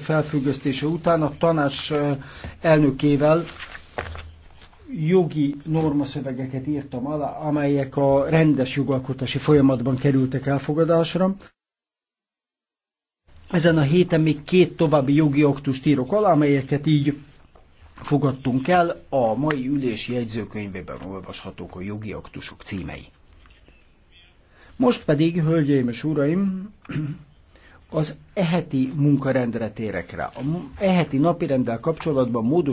felfüggesztése után a tanács elnökével jogi normaszövegeket írtam alá, amelyek a rendes jogalkotási folyamatban kerültek elfogadásra. Ezen a héten még két további jogi aktust írok alá, amelyeket így fogadtunk el. A mai ülés jegyzőkönyvében olvashatók a jogi aktusok címei. Most pedig, hölgyeim és uraim, az eheti munkarendre térek rá. A eheti napirenddel kapcsolatban módos